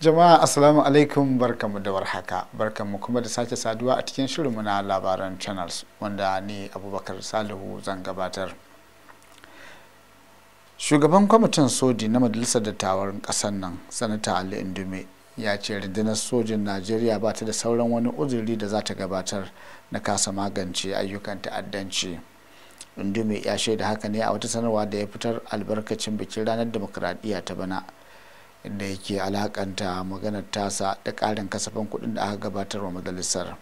jama'a assalamu alaikum barkamu da warhaka barkamu kuma da sake saduwa a cikin shirinmu na labaran channels wanda ni abubakar salihu zan gabatar shugaban kwamitin soji na majalisar dattawan ƙasar nan sanata ali indume ya ce rundunar sojin najeriya ba ta da sauran wani uzuri da za ta gabatar na kasa magance ayyukan ta'addanci indume ya shaida haka ne a wata sanarwa da ya fitar albarkacin bikin ranar dimokuraɗiyya ta bana inda yake alakanta maganar tasa da karin kasafin kuɗin da aka gabatar wa majalisar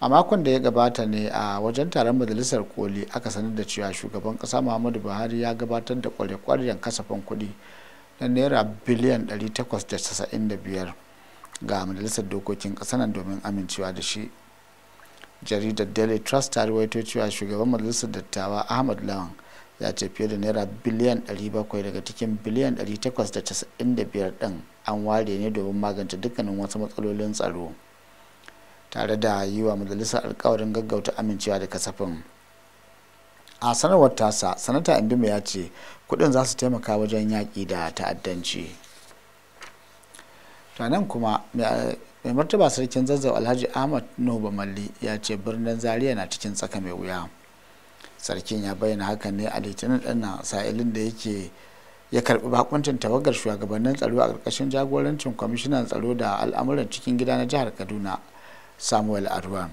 a makon da ya gabata ne a wajen taron majalisar koli aka sanar da cewa shugaban ƙasa muhammadu buhari ya gabatar da kware kwaryen kasafin kuɗi na naira biliyan 895 ga majalisar dokokin kasa nan domin amincewa da shi jaridar daily trust ta rawaito cewa shugaban majalisar dattawa ahmad lawan ya ce fiye da naira biliyan 700 daga cikin biliyan 895 din an ware ne domin magance dukkanin wasu matsalolin tsaro tare da yi wa majalisar alkawarin gaggauta amincewa da kasafin a sanarwar tasa sanata indima ya ce kudin za su taimaka wajen yaƙi da ta'addanci nan kuma mai martaba sarkin zazzau alhaji ahmad nuhu malli ya ce birnin zaria na cikin tsaka mai wuya sarkin ya bayyana hakan ne a litinin ɗin sa'ilin da yake ya karbi bakuncin tawagar shugabannin tsaro a ƙarƙashin jagorancin kwamishinan tsaro da al'amuran cikin gida na jihar kaduna samuel arwan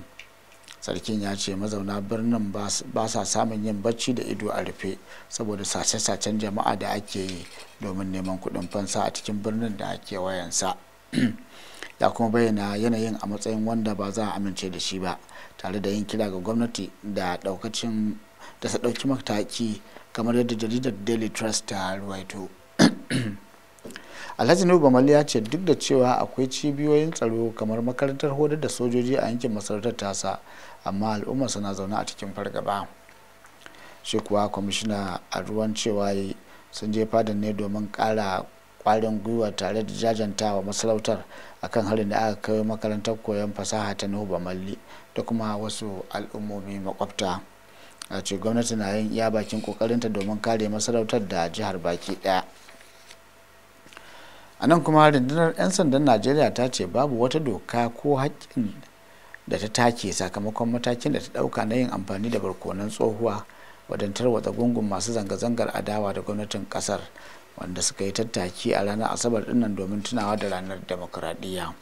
sarkin ya ce mazauna birnin ba sa samun yin bacci da ido a rufe saboda sace-sacen jama'a da ake yi domin neman kuɗin fansa a cikin birnin da ake wayansa ya kuma bayyana yanayin a matsayin wanda ba za a amince da shi ba tare da yin kira ga gwamnati da ɗaukacin da su ɗauki mataki kamar yadda jaridar daily trust ta ruwaito alhaji nuhu bamal ya ce duk da cewa akwai cibiyoyin tsaro kamar makarantar hodar da sojoji a yankin masarautar tasa amma al'umma suna zaune a cikin fargaba shi kuwa kwamishina a ruwan cewa sun je fadan ne domin ƙara kwarin gwiwa tare da jajantawa masarautar akan harin da aka kai makarantar koyon fasaha ta nuhu bamalli da kuma wasu al'ummomi makwabta a ce gwamnati na yin iya bakin kokarinta domin kare masarautar da jihar baki daya a nan kuma rundunar 'yan sandan najeriya ta ce babu wata doka ko haƙƙin da ta take sakamakon matakin da ta ɗauka na yin amfani da barkonan tsohuwa wajen tarwatsa gungun masu zanga-zangar adawa da gwamnatin ƙasar wanda suka yi tattaki a ranar asabar dinnan domin tunawa da ranar demokuraɗiyya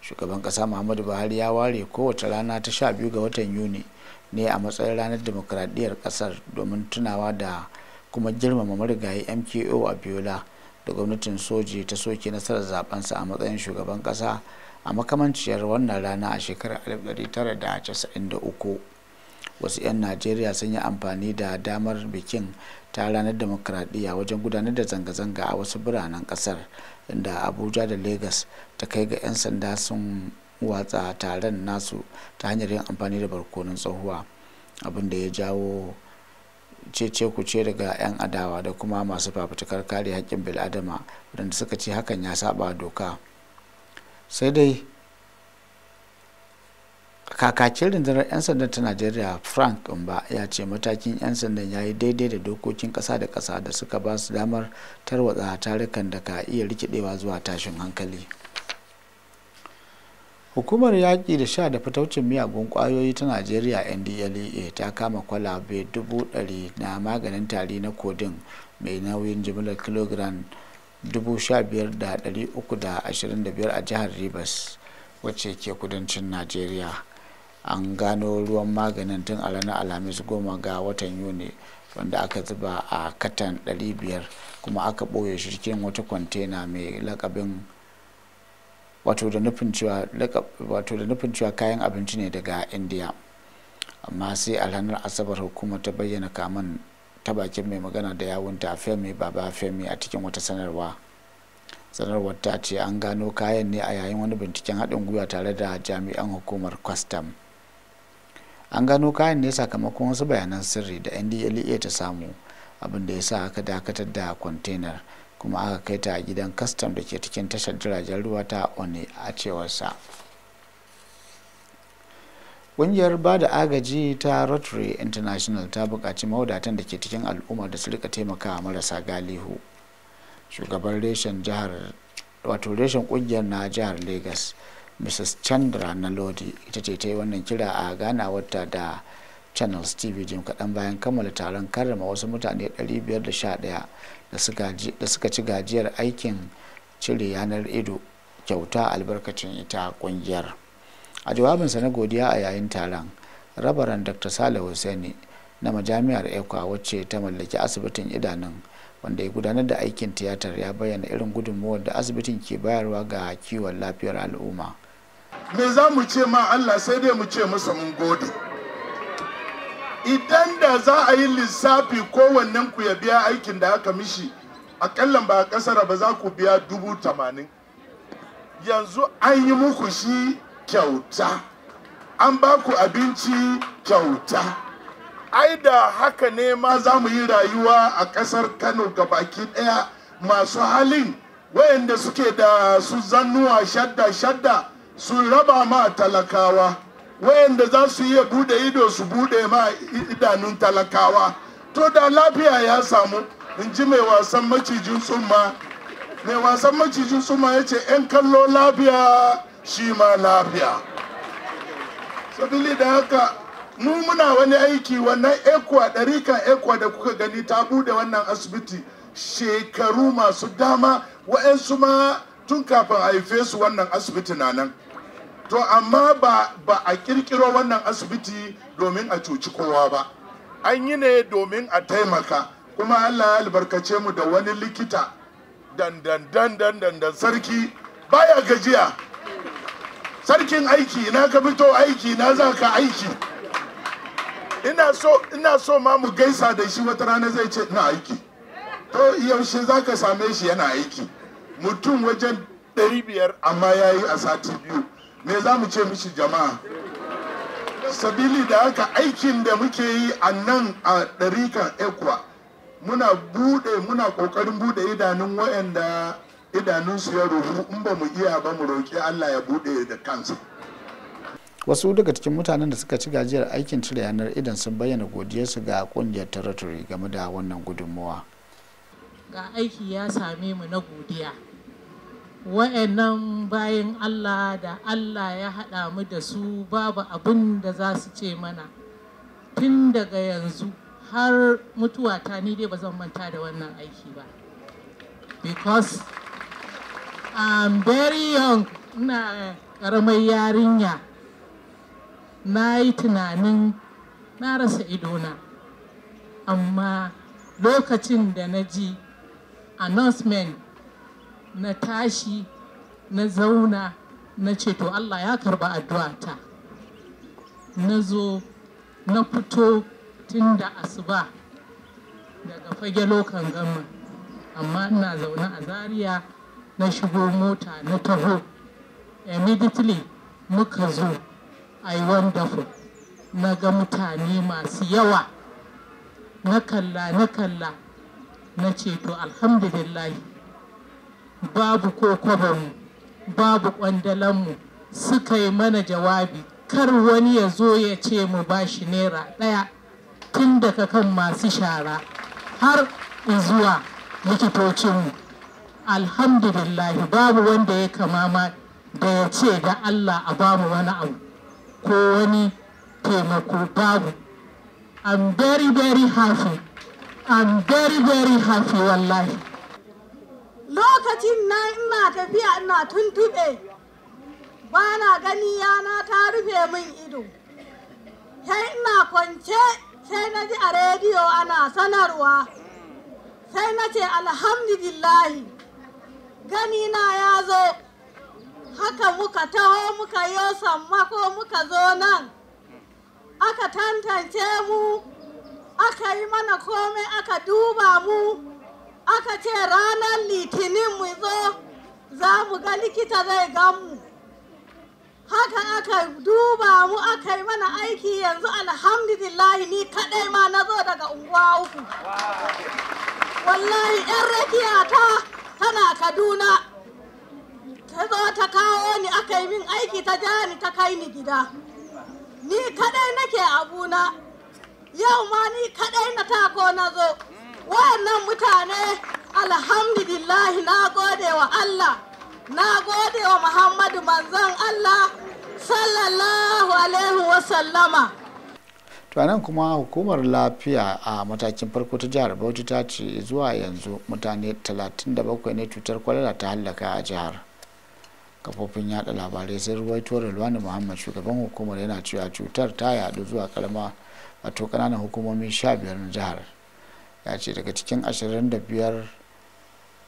shugaban ƙasa muhammadu buhari ya ware kowace rana ta 12 ga watan yuni ne a matsayin ranar demokradiyyar kasar domin tunawa da kuma girmama marigayi mko a biola da gwamnatin soji ta soke nasarar zabensa a matsayin shugaban kasa a makamanciyar wannan rana a shekarar 1993 wasu 'yan najeriya sun yi amfani da damar bikin ta ranar demokradiyya wajen gudanar da zanga-zanga a wasu biranen kasar inda abuja da lagos ta kai ga 'yan sanda sun watsa taron nasu ta hanyar yin amfani da barkonin tsohuwa abinda ya jawo cece kuce daga 'yan adawa da kuma masu fafutukar kare haƙƙin bil'adama waɗanda suka ce hakan ya saba doka sai dai kakakin rundunar 'yan sanda ta najeriya frank mba ya ce matakin 'yan sandan ya yi daidai da dokokin ƙasa da ƙasa da suka ba su damar tarwatsa tarukan da ka iya rikidewa zuwa tashin hankali hukumar yaƙi da sha da fitaucin miyagun ƙwayoyi ta najeriya ndlea ta kama kwalabe dubu ɗari na maganin tari na kodin mai nauyin jimlar kilogram 15,325 a jihar rivers wacce ke kudancin najeriya an gano ruwan maganin tun a ranar alhamis goma ga watan yuni wanda aka zuba a katan 500 kuma aka ɓoye shi cikin wata kwantena mai lakabin wato da nufin cewa kayan abinci ne daga india amma sai a ranar asabar hukumar ta bayyana kaman ta bakin mai magana da yawunta femi baba femi a cikin wata sanarwa sanarwar ta ce an gano kayan ne a yayin wani binciken haɗin gwiwa tare da jami'an hukumar kwastam an gano kayan ne sakamakon wasu bayanan sirri da ndlea ta samu abin da ya sa aka dakatar da kwantenar kuma aka kai ta a gidan kastam da ke cikin tashar jiragen ruwa ta one a cewarsa ƙungiyar ba da agaji ta rotary international ta buƙaci mawadatan da ke cikin al'umma da su rika taimakawa marasa galihu shugaban reshen jihar wato reshen ƙungiyar na jihar lagos mrs chandra nalodi ita ce ta yi wannan kira a ganawarta da channels tv jim kaɗan bayan kammala taron karrama wasu mutane 511 da suka ci gajiyar aikin cire yanar ido kyauta albarkacin ita kungiyar a jawabinsa na godiya a yayin taron rabaran dr salih hussaini na majami'ar ekwa wacce ta mallaki asibitin idanun wanda ya gudanar da aikin tiyatar ya bayyana irin gudunmuwar da asibitin ke bayarwa ga kiwon lafiyar al'umma me za mu ce ma allah sai dai mu ce masa mun gode idan da za a yi lissafi kowannen ku ya biya aikin da aka mishi akallan ba a kasara ba za ku biya dubu tamanin yanzu an yi muku shi kyauta an ba ku abinci kyauta ai da haka ne ma za mu yi rayuwa a ƙasar kano ga baki ɗaya masu halin wayanda suke da su zannuwa shadda shadda sun raba ma talakawa wayanda za su iya bude ido su bude ma idanun talakawa to da lafiya ya samu in ji mai wasan macijin tsumma mai wasan macijin tsumma ya ce 'yan kallo lafiya shi ma lafiya sabili da haka mu muna wani aiki wannan ekwa ɗarikan ekwa da kuka gani ta bude wannan asibiti shekaru masu dama wa'yansu ma tun kafin haife su wannan asibiti na nan to amma ba ba a kirkiro wannan asibiti domin a cuci kowa ba an yi ne domin a taimaka kuma allah ya albarkace mu da wani likita dan, dan, dan, sarki baya gajiya sarkin aiki na ka fito aiki na za ka aiki ina so ina so ma mu gaisa da shi wata rana zai ce ina aiki to yaushe za ka same shi yana aiki mutum wajen 500 amma ya yi a sati biyu me za mu ce mishi jama'a sabili da haka aikin da muke yi a nan a ɗarikan ekwa muna bude muna ƙoƙarin bude idanun waɗanda idanunsu ya ruhu in ba mu iya ba mu roƙi allah ya bude da kansa wasu daga cikin mutanen da suka ci gajiyar aikin cire yanar idan sun bayyana godiyarsu ga kungiyar territory game da wannan gudunmuwa ga aiki ya same mu na godiya wa'annan bayan Allah da Allah ya haɗa mu da su babu abin da za su ce mana tun daga yanzu har mutuwa ta ni dai ba zan manta da wannan aiki ba because I'm very young ina ƙaramar yarinya na yi tunanin na rasa idona amma lokacin da na ji announcement na tashi na zauna na ce to Allah ya karba addu'ata na zo na fito tun da asuba daga fage lokan gama amma ina zaune a zaria na shigo mota na taho immediately muka zo i wonderful na ga mutane masu yawa na kalla na kalla na ce to alhamdulillahi babu ko babu ƙwandalanmu suka yi mana jawabi kar wani ya zo ya ce mu ba shi naira ɗaya tun daga kan masu shara har zuwa likitocinmu alhamdulillahi babu wanda ya kamama da ya ce da allah a bamu wani abu ko wani taimako babu i'm very very happy i'm very very happy wallahi lokacin na ina tafiya ina tuntuɓe ba na gani yana ta rufe min ido sai ina kwance sai na ji a rediyo ana sanarwa sai na ce alhamdulillahi gani na ya zo haka muka taho muka yi sammako muka zo nan aka tantance mu aka yi mana komai aka duba mu aka ce ranar litinin mu zo za mu ga likita zai gamu haka aka duba mu aka yi mana aiki yanzu alhamdulillahi ni kadai ma na zo daga unguwa uku wallahi yan rakiya ta tana kaduna ta zo ta kawo ni aka yi min aiki ta ja ni ta kai ni gida ni kadai nake abuna yau ma ni kadai na tako na zo Wannan mutane alhamdulillahi na gode wa Allah na gode wa Muhammadu manzon Allah sallallahu alaihi wasallama to nan kuma hukumar lafiya a matakin farko ta jihar bauchi ta ce zuwa yanzu mutane 37 ne cutar kwalara ta hallaka a jihar kafofin yada labarai sai ruwaito rilwani muhammad shugaban hukumar yana cewa cutar ta yadu zuwa karama wato kananan hukumomi 15 na jihar ya ce daga cikin 25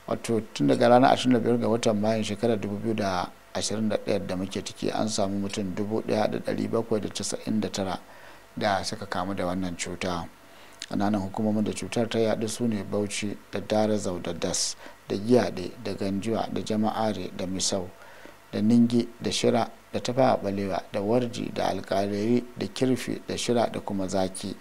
wato tun daga ranar 25 ga watan mayun shekarar 2021 da muke ciki an samu mutum 1799 da suka kamu da wannan cuta ƙananan hukumomin da cutar ta yaɗu su ne bauchi da darazau da das da giyaɗe da ganjuwa da jama'are da misau da ningi da shira da tafa balewa da warji da alƙalari da kirfi da shira da kuma zaki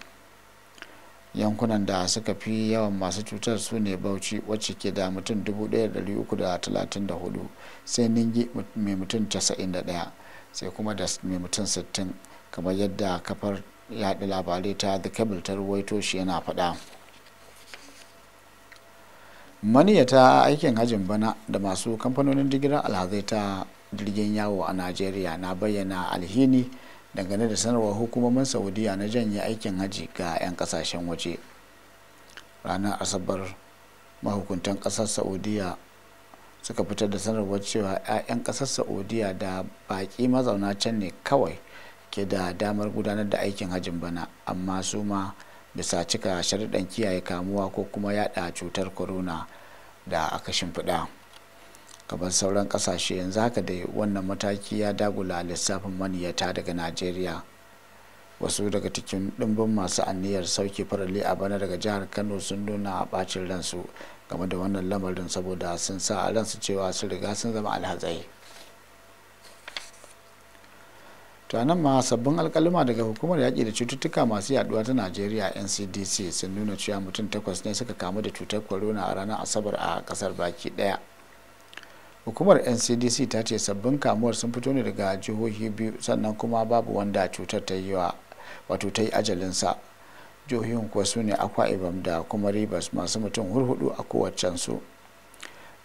yankunan da suka fi yawan masu cutar su ne bauchi wacce ke da mutum 1334 sai ningi mai mutum 91 sai kuma da mai mutum 60 kamar yadda kafar yaɗa labarai ta the cable ta ruwaito shi yana faɗa maniyata aikin hajjin bana da masu kamfanonin digirar alhazai ta jirgin yawo a najeriya na bayyana alhini dangane da sanarwar hukumomin saudiya na janye aikin haji ga 'yan kasashen waje ranar asabar mahukuntan kasar saudiya suka fitar da sanarwar cewa 'ya'yan kasar saudiya da baki mazauna can ne kawai ke da damar gudanar da aikin hajin bana amma su ma bisa cika sharuɗan kiyaye kamuwa ko kuma yada cutar corona da aka shimfiɗa. kamar sauran kasashe yanzu haka da wannan mataki ya dagula lissafin maniyata daga najeriya wasu daga cikin dimbin masu anniyar sauke farali a bana daga jihar kano sun nuna a bacin ransu game da wannan lamarin saboda sun sa a ransu cewa sun riga sun zama alhazai tanan ma sabbin alkalima daga hukumar yaƙi da cututtuka masu yaduwa ta najeriya ncdc sun nuna cewa mutum takwas ne suka kamu da cutar corona a ranar asabar a ƙasar baki ɗaya hukumar ncdc ta ce sabbin kamuwar sun fito ne daga jihohi biyu sannan kuma babu wanda cutar ta yi wa wato ta yi ajalinsa jihohin kuwa su ne akwa ibam da kuma rivers masu mutum hurhudu a kowace su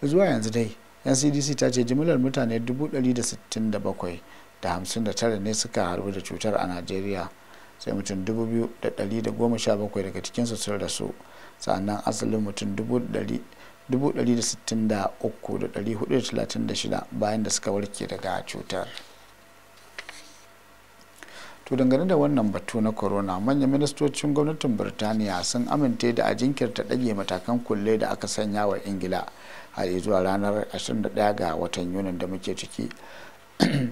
zuwa yanzu dai ncdc ta ce jimillar mutane da 167,059 ne suka harbu da cutar a najeriya sai mutum 2,117 daga cikinsu sun rasu sannan asalin mutum shida bayan da suka warke daga cutar to dangane da wannan batu na corona manyan ministocin gwamnatin birtaniya sun amince da a jinkirta ɗage matakan kulle da aka sanya wa ingila har zuwa ranar 21 ga watan yunin da muke ciki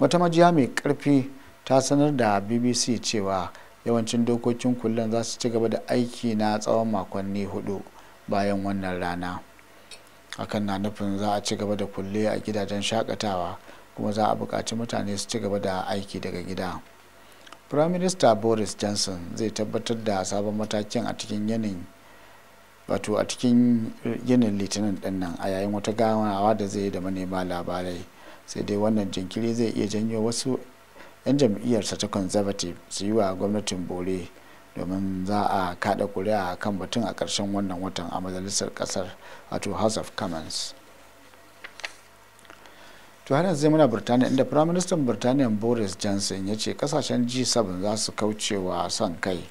wata majiya mai karfi ta sanar da bbc cewa yawancin dokokin kullen za su ci gaba da aiki na tsawon makonni hudu bayan wannan rana hakan na nufin za a ci gaba da kulle a gidajen shakatawa kuma za a buƙaci mutane su ci gaba da aiki daga gida prime minister boris johnson zai tabbatar da sabon matakin a cikin yanayin wato a cikin yinin litinin din nan a yayin wata ganawa da zai yi da manema labarai sai dai wannan jinkiri zai iya janyo wasu 'yan jam'iyyarsa ta conservative su yi wa gwamnatin bore domin za a kada kuri'a kan batun a ƙarshen wannan watan a majalisar ƙasar wato house of commons to har yanzu muna birtaniya inda firaministan birtaniya boris johnson ya ce kasashen g7 za su kaucewa son kai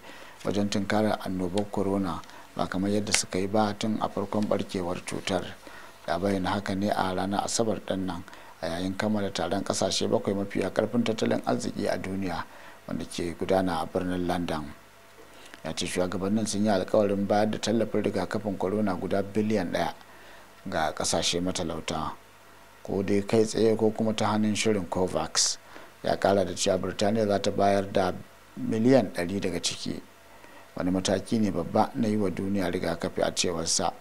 wajen tunkarar annobar corona ba kamar yadda suka yi ba tun a farkon barkewar cutar da bayan haka ne a ranar asabar ɗin nan a yayin kammala taron kasashe bakwai mafiya karfin tattalin arziki a duniya wanda ke gudana a birnin london ya ce shugabannin sun yi alkawarin bayar da tallafin rigakafin corona guda biliyan daya ga kasashe matalauta ko dai kai tsaye ko kuma ta hannun shirin covax ya kara da cewa birtaniya za ta bayar da miliyan 100 daga ciki wani mataki ne babba na yi wa duniya rigakafi a cewarsa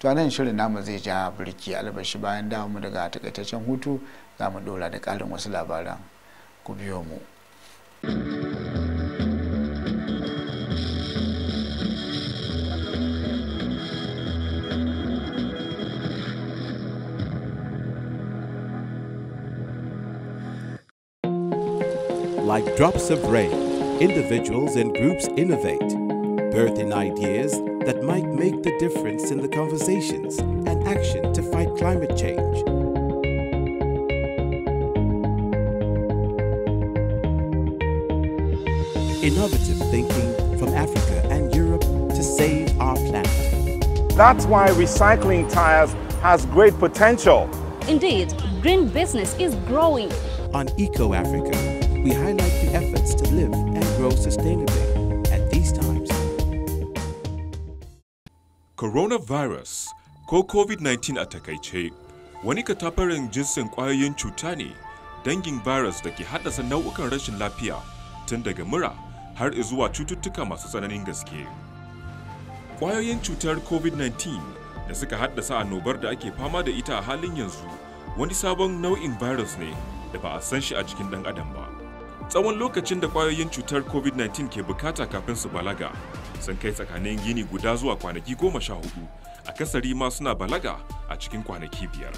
tunanin shirin namu zai ja birki albashi bayan damu daga takaitaccen hutu za mu dora da karin wasu labaran ku biyo mu. Like drops of rain, individuals and groups innovate, birthing ideas that might make the difference in the conversations and action to fight climate change. Innovative thinking from Africa and Europe to save our planet. That's why recycling tires has great potential. Indeed, green business is growing. On Eco Africa, we highlight the efforts to live and grow sustainably at these times. Coronavirus ko COVID-19 a takaice wani katafaren jinsin ƙwayoyin cuta ne dangin virus da ke haddasa nau'ukan rashin lafiya tun daga mura har zuwa cututtuka masu tsananin gaske. Ƙwayoyin cutar COVID-19 da suka haddasa annobar da ake fama da ita a halin yanzu wani sabon nau'in virus ne da ba a san shi a jikin ɗan adam ba. tsawon lokacin da kwayoyin cutar covid-19 ke bukata kafin su balaga sun kai tsakanin gini guda zuwa kwanaki goma sha hudu akasari ma suna balaga a cikin kwanaki biyar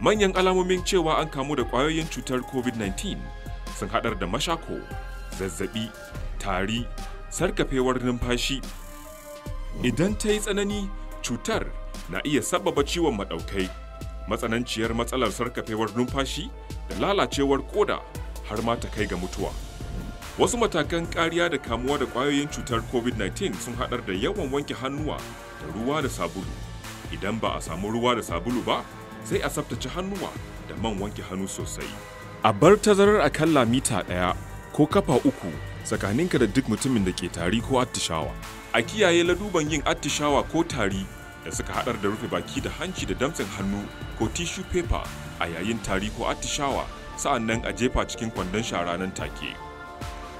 manyan alamomin cewa an kamu da kwayoyin cutar covid-19 sun haɗar da mashako zazzabi tari sarkafewar numfashi idan ta yi tsanani cutar na iya sababa ciwon maɗaukai matsananciyar matsalar sarkafewar numfashi da lalacewar koda har ma ta kai ga mutuwa wasu matakan kariya da kamuwa da kwayoyin cutar covid-19 sun haɗar da yawan wanke hannuwa da ruwa da sabulu idan ba a samu ruwa da sabulu ba sai a tsaftace hannuwa da man wanke hannu sosai a bar tazarar a akalla mita ɗaya ko kafa uku tsakaninka da duk mutumin da ke tari ko attishawa a kiyaye laduban yin attishawa ko tari da suka haɗar da rufe baki da hanci da damtsin hannu ko tishu paper a yayin tari ko attishawa sa'an nan a jefa cikin kwandon shara nan take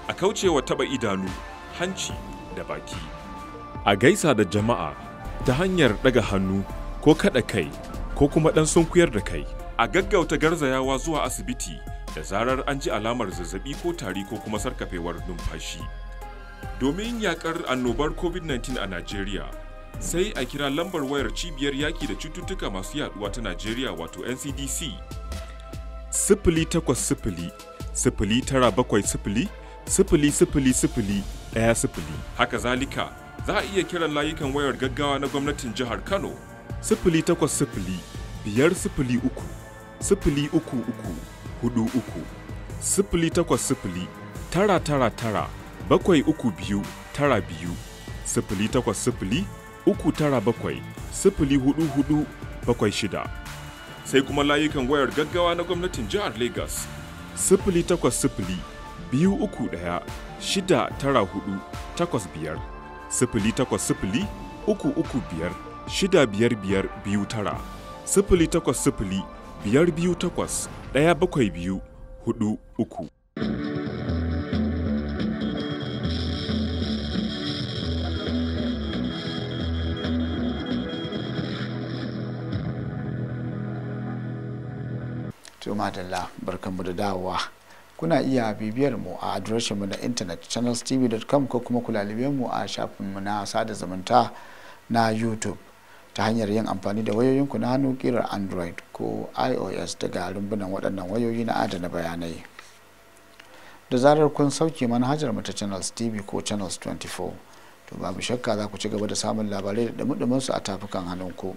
a kaucewa taba idanu hanci da baki a gaisa da jama'a ta hanyar daga hannu ko kaɗa kai ko kuma dan sunkuyar da kai a gaggauta garzayawa zuwa asibiti da zarar an ji alamar zazzaɓi ko tari ko kuma sarkafewar numfashi domin yaƙar annobar covid-19 a najeriya sai a kira lambar wayar cibiyar yaki da cututtuka masu yaɗuwa ta najeriya wato ncdc sifili takwas sifili sifili tara bakwai sifili sifili sifili sifili ɗaya sifili. Haka zalika za a iya kiran layukan wayar gaggawa na gwamnatin jihar Kano sifili takwas sifili biyar sifili uku sifili uku uku hudu uku sifili takwas sifili tara tara tara bakwai uku biyu tara biyu sifili takwas sifili uku tara bakwai sifili hudu hudu bakwai shida. sai kuma layukan wayar gaggawa na gwamnatin jihar Legas. Sifili takwas sifili biyu uku ɗaya shida tara hudu takwas biyar sifili takwas sifili uku uku biyar shida biyar biyar biyu tara sifili takwas sifili biyar biyu takwas ɗaya bakwai biyu hudu uku. to barkan barkanmu da dawowa kuna iya bibiyar mu a adireshin mu na intanet channelstv.com ko kuma kulalibe mu a shafin mu na sada zumunta na youtube ta hanyar yin amfani da wayoyinku na hannu kirar android ko ios daga rumbunan waɗannan wayoyi na adana bayanai da zarar kun sauke manhajar mu ta channels tv ko channels 24 to babu shakka za ku ci gaba da samun labarai da dumi su a tafukan hannunku. ku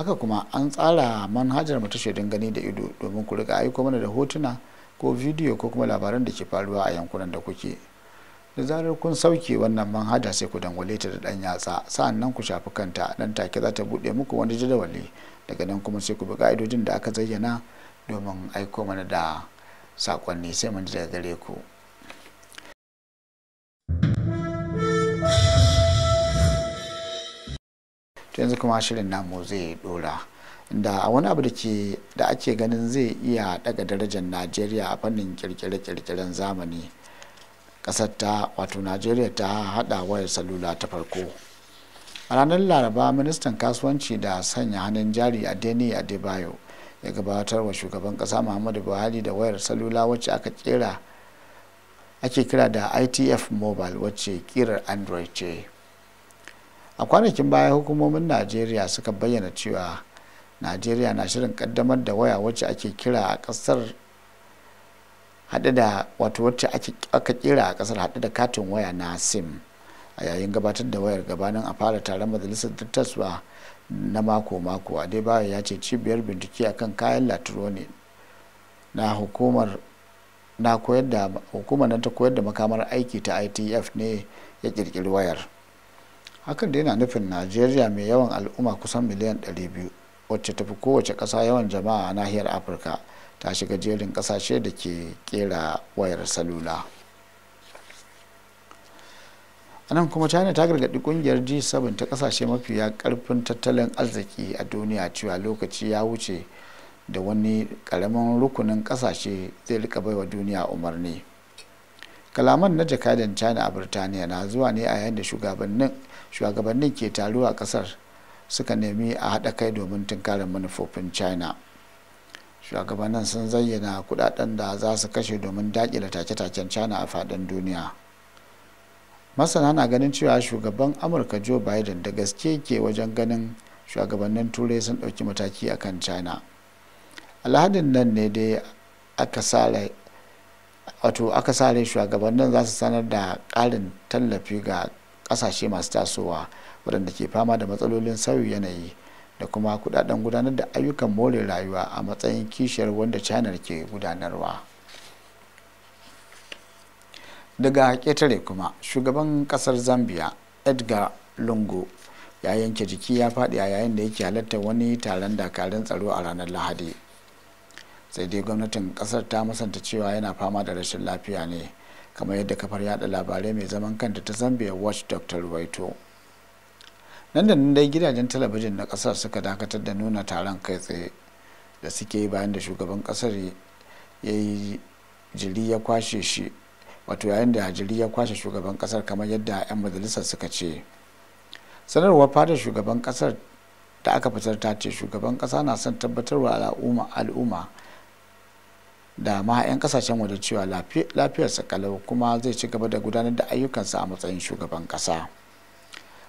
haka kuma an tsara manhajar mu ta shaidun gani da ido domin ku riga aiko mana da hotuna ko bidiyo ko kuma labaran da ke faruwa a yankunan da kuke da zarar kun sauke wannan manhaja sai ku dangwale ta da dan yatsa sa'an nan ku shafi kanta dan take za ta bude muku wani jadawali daga nan kuma sai ku bi ka'idojin da aka zayyana domin aiko mana da sakonni sai mun ji daga gare ku to yanzu kuma shirin namu zai dora da wani abu da ke da ake ganin zai iya daga darajar najeriya a fannin kirkire-kirkiren zamani kasar ta wato najeriya ta hada wayar salula ta farko a ranar laraba ministan kasuwanci da sanya hannun jari a deni debayo ya gabatar wa shugaban kasa muhammadu buhari da wayar salula wacce aka kira ake kira da itf mobile wacce kirar android ce a kwanakin baya hukumomin najeriya suka bayyana cewa najeriya na shirin kaddamar da waya wacce ake kira a kasar hade da wato wacce aka kira a kasar hade da katin waya na sim a yayin gabatar da wayar gabanin a fara taron majalisar dattaswa na mako-mako adebayo ya ce cibiyar bincike akan kayan latironi na hukumar na koyar da hukumar ta koyar da makamar aiki ta itf ne ya kirkiri wayar hakan da yana nufin najeriya mai yawan al'umma kusan miliyan 200 wacce tafi kowace ƙasa yawan jama'a a nahiyar afirka ta shiga jerin ƙasashe da ke kera wayar salula anan nan kuma china ta gargaɗi ƙungiyar g7 ta ƙasashe mafiya karfin tattalin arziki a duniya cewa lokaci ya wuce da wani karamin rukunin kasashe zai rika baiwa duniya umarni kalaman na jakadan china a birtaniya na zuwa ne a yayin da shugabannin ke taruwa a kasar suka nemi a haɗa kai domin tunkarar manufofin china shugabannin sun zayyana kudaden da za su kashe domin dakile take-taken china a faɗin duniya masana na ganin cewa shugaban amurka joe biden da gaske ke wajen ganin shugabannin turai sun ɗauki mataki akan china alhadin nan ne dai aka sare wato aka sare rai shugabannin za su sanar da ƙarin tallafi ga ƙasashe masu tasowa waɗanda ke fama da matsalolin sauyi yanayi da kuma kudaden gudanar da ayyukan more rayuwa a matsayin kishiyar wanda china ke gudanarwa daga ƙetare kuma shugaban ƙasar zambia edgar lungu ya yanke jiki ya faɗi a yayin da yake halartar wani taron dakarun tsaro a ranar lahadi sai dai gwamnatin kasar ta musanta cewa yana fama da rashin lafiya ne kamar yadda kafar yada labarai mai zaman kanta ta zambia watch dr ruwaito nan da nan dai gidajen talabijin na kasar suka dakatar da nuna taron kai tsaye da suke yi bayan da shugaban kasar ya yi jiri ya kwashe shi wato yayin da jiri ya kwashe shugaban kasar kamar yadda 'yan majalisar suka ce sanarwar fadar shugaban kasar da aka fitar ta ce shugaban kasa na son tabbatarwa al'umma da ma 'yan kasashen waje cewa lafiyarsa kalau kuma zai ci gaba da gudanar da ayyukansa a matsayin shugaban kasa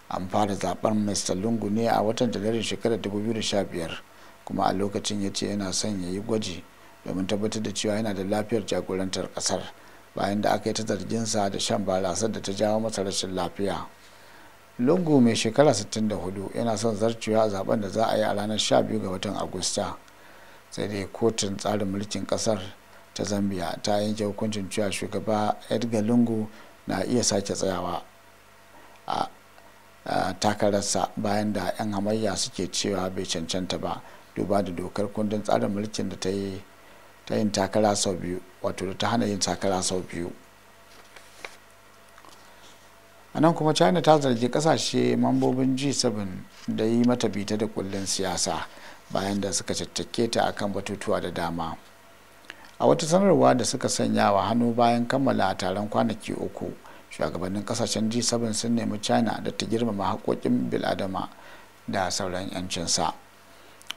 an fara zaben mr lungu ne a watan janairun shekarar 2015 kuma a lokacin ya ce yana son ya yi gwaji domin tabbatar da cewa yana da lafiyar jagorantar kasar bayan da aka yi ta zarginsa da shan barasar da ta jawo masa rashin lafiya lungu mai shekara 64 yana son zarcewa a zaben da za a yi a ranar 12 ga watan agusta sai dai kotun tsarin mulkin kasar ta zambia ta yanke hukuncin cewa shugaba edgar lungu na iya sake tsayawa a takararsa bayan da 'yan hamayya suke cewa bai cancanta ba duba da dokar kundin tsarin mulkin da ta yi ta yin takara sau biyu wato da ta hana yin takara sau biyu a nan kuma china ta zargi kasashe mambobin g7 da yi mata bita da kullun siyasa bayan da suka cattake ta akan batutuwa da dama a wata sanarwa da suka sanya wa hannu bayan kammala a taron kwanaki uku shugabannin kasashen g7 sun nemi china da ta girmama haƙoƙin biladama da sauran 'yancinsa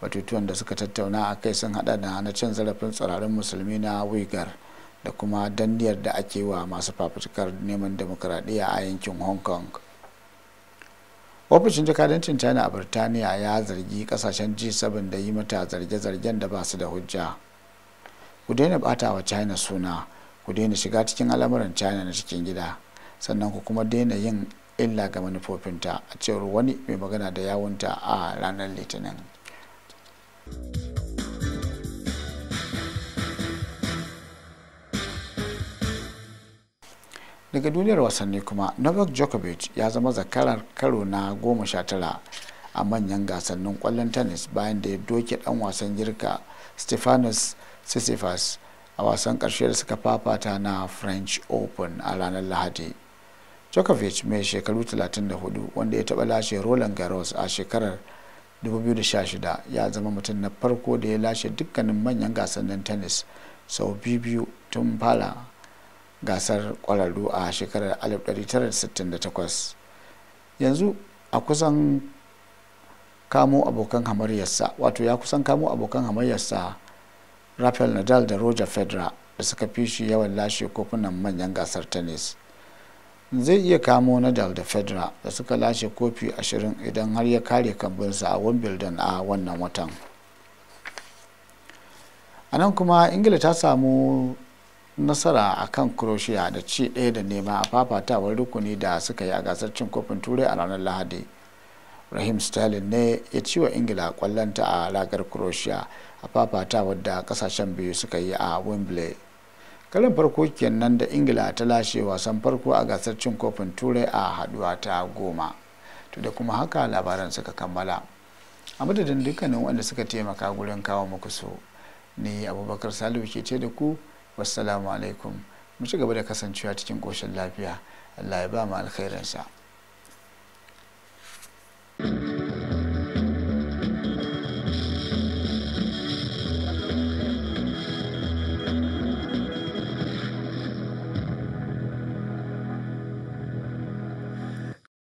batutuwan da suka tattauna a kai sun hada da na cin zarafin tsirarin musulmi na wigar da kuma danniyar da ake wa masu fafutukar neman demokuraɗiyya a yankin hong kong ofishin jakadancin china a birtaniya ya zargi kasashen g7 da yi mata zarge-zargen da ba su da hujja ku daina bata wa china suna ku daina shiga cikin al'amuran china na cikin gida sannan ku kuma daina yin illa ga manufofinta a cewar wani mai magana da yawunta a ranar litinin daga duniyar wasanni kuma novak djokovic ya zama zakarar karo na 19 a manyan gasannin kwallon tennis bayan da ya doke dan wasan girka stefanos. sisyphus a wasan ƙarshe da suka fafata na french open a ranar lahadi djokovic mai shekaru 34 wanda ya taba lashe roland garros a shekarar 2016 ya zama mutum na farko da ya lashe dukkanin manyan gasannin tennis sau biyu tun fara gasar kwararru a shekarar 1968 yanzu a kusan kamo abokan hamayyarsa wato ya kusan kamo abokan hamayyarsa rafael nadal da roger federer da suka fi shi yawan lashe kofunan manyan gasar tennis zai iya kamo nadal da federer da suka lashe kofi ashirin idan har ya kare kambinsa a wimbledon a wannan watan a nan kuma ingila ta samu nasara a kan croatia da ci ɗaya da nema a fafatawar rukuni da suka yi a gasar cin kofin turai a ranar lahadi rahim sterling ne ya ci wa ingila kwallonta a ragar croatia a fafatawar da kasashen biyu suka yi a wembley karin farko kenan da ingila ta lashe wasan farko a gasar cin kofin turai a haduwa ta goma to da kuma haka labaran suka kammala a madadin dukkanin wanda suka taimaka gurin kawo muku so ni abubakar salihu ke ce da ku wassalamu alaikum mu ci gaba da kasancewa cikin koshin lafiya allah ya ba mu alkhairinsa thank you